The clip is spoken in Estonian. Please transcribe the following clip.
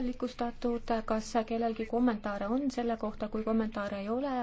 allikustatud, kas kellelgi kommentaare on selle kohta, kui kommentaare ei ole,